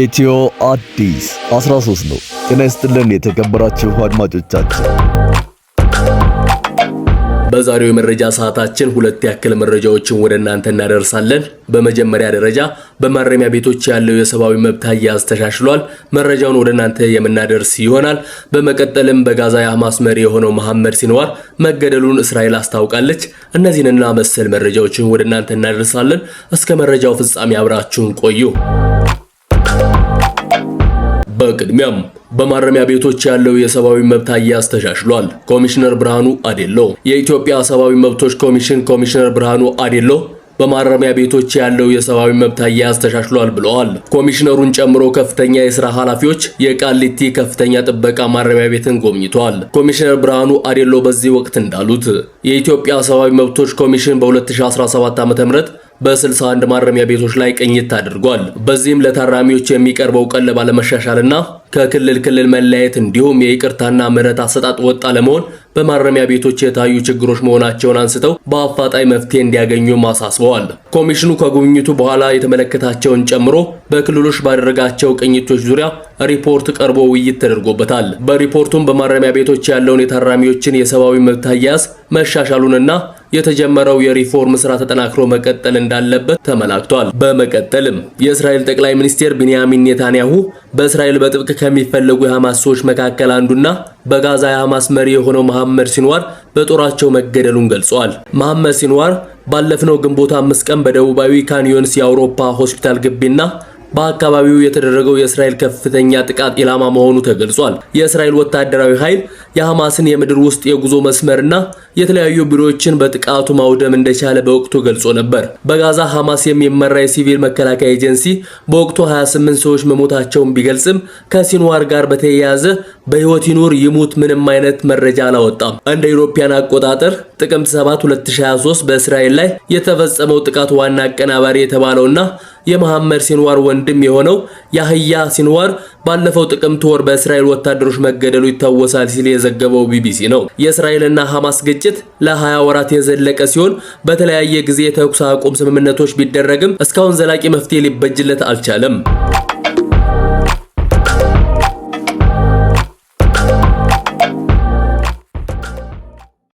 ኢትዮ አዲስ 13 ነው። ጤና ይስጥልን የተከበራችሁ አድማጮቻችን። በዛሬው የመረጃ ሰዓታችን ሁለት ያክል መረጃዎችን ወደ እናንተ እናደርሳለን። በመጀመሪያ ደረጃ በማረሚያ ቤቶች ያለው የሰብአዊ መብት አያያዝ ተሻሽሏል። መረጃውን ወደ እናንተ የምናደርስ ይሆናል። በመቀጠልም በጋዛ የሐማስ መሪ የሆነው መሐመድ ሲንዋር መገደሉን እስራኤል አስታውቃለች። እነዚህንና መሰል መረጃዎችን ወደ እናንተ እናደርሳለን። እስከ መረጃው ፍጻሜ አብራችሁን ቆዩ። በቅድሚያም በማረሚያ ቤቶች ያለው የሰብአዊ መብት አያያዝ ተሻሽሏል። ኮሚሽነር ብርሃኑ አዴሎ የኢትዮጵያ ሰብአዊ መብቶች ኮሚሽን ኮሚሽነር ብርሃኑ አዴሎ በማረሚያ ቤቶች ያለው የሰብአዊ መብት አያያዝ ተሻሽሏል ብለዋል። ኮሚሽነሩን ጨምሮ ከፍተኛ የስራ ኃላፊዎች የቃሊቲ ከፍተኛ ጥበቃ ማረሚያ ቤትን ጎብኝተዋል። ኮሚሽነር ብርሃኑ አዴሎ በዚህ ወቅት እንዳሉት የኢትዮጵያ ሰብአዊ መብቶች ኮሚሽን በ2017 ም በ61 ማረሚያ ቤቶች ላይ ቅኝት አድርጓል። በዚህም ለታራሚዎች የሚቀርበው ቀለብ አለመሻሻልና ከክልል ክልል መለያየት እንዲሁም የይቅርታና ምሕረት አሰጣጥ ወጥ አለመሆን በማረሚያ ቤቶች የታዩ ችግሮች መሆናቸውን አንስተው በአፋጣኝ መፍትሄ እንዲያገኙ አሳስበዋል። ኮሚሽኑ ከጉብኝቱ በኋላ የተመለከታቸውን ጨምሮ በክልሎች ባደረጋቸው ቅኝቶች ዙሪያ ሪፖርት ቀርቦ ውይይት ተደርጎበታል። በሪፖርቱም በማረሚያ ቤቶች ያለውን የታራሚዎችን የሰብአዊ መብት አያያዝ መሻሻሉንና የተጀመረው የሪፎርም ስራ ተጠናክሮ መቀጠል እንዳለበት ተመላክቷል። በመቀጠልም የእስራኤል ጠቅላይ ሚኒስትር ቢንያሚን ኔታንያሁ በእስራኤል በጥብቅ ከሚፈለጉ የሐማስ ሰዎች መካከል አንዱና በጋዛ የሐማስ መሪ የሆነው መሐመድ ሲንዋር በጦራቸው መገደሉን ገልጿል። መሐመድ ሲንዋር ባለፍነው ግንቦት አምስት ቀን በደቡባዊ ካንዮንስ የአውሮፓ ሆስፒታል ግቢና በአካባቢው የተደረገው የእስራኤል ከፍተኛ ጥቃት ኢላማ መሆኑ ተገልጿል። የእስራኤል ወታደራዊ ኃይል የሐማስን የምድር ውስጥ የጉዞ መስመርና የተለያዩ ቢሮዎችን በጥቃቱ ማውደም እንደቻለ በወቅቱ ገልጾ ነበር። በጋዛ ሐማስ የሚመራ የሲቪል መከላከያ ኤጀንሲ በወቅቱ 28 ሰዎች መሞታቸውን ቢገልጽም ከሲንዋር ጋር በተያያዘ በሕይወት ይኑር ይሙት ምንም አይነት መረጃ አላወጣም። እንደ ኢሮፓያን አቆጣጠር ጥቅምት 7 2023 በእስራኤል ላይ የተፈጸመው ጥቃት ዋና አቀናባሪ የተባለውና የመሐመድ ሲንዋር ወንድም የሆነው ያህያ ሲንዋር ባለፈው ጥቅምት ወር በእስራኤል ወታደሮች መገደሉ ይታወሳል ሲል የዘገበው ቢቢሲ ነው። የእስራኤልና ሐማስ ግጭት ለ20 ወራት የዘለቀ ሲሆን በተለያየ ጊዜ የተኩስ አቁም ስምምነቶች ቢደረግም እስካሁን ዘላቂ መፍትሄ ሊበጅለት አልቻለም።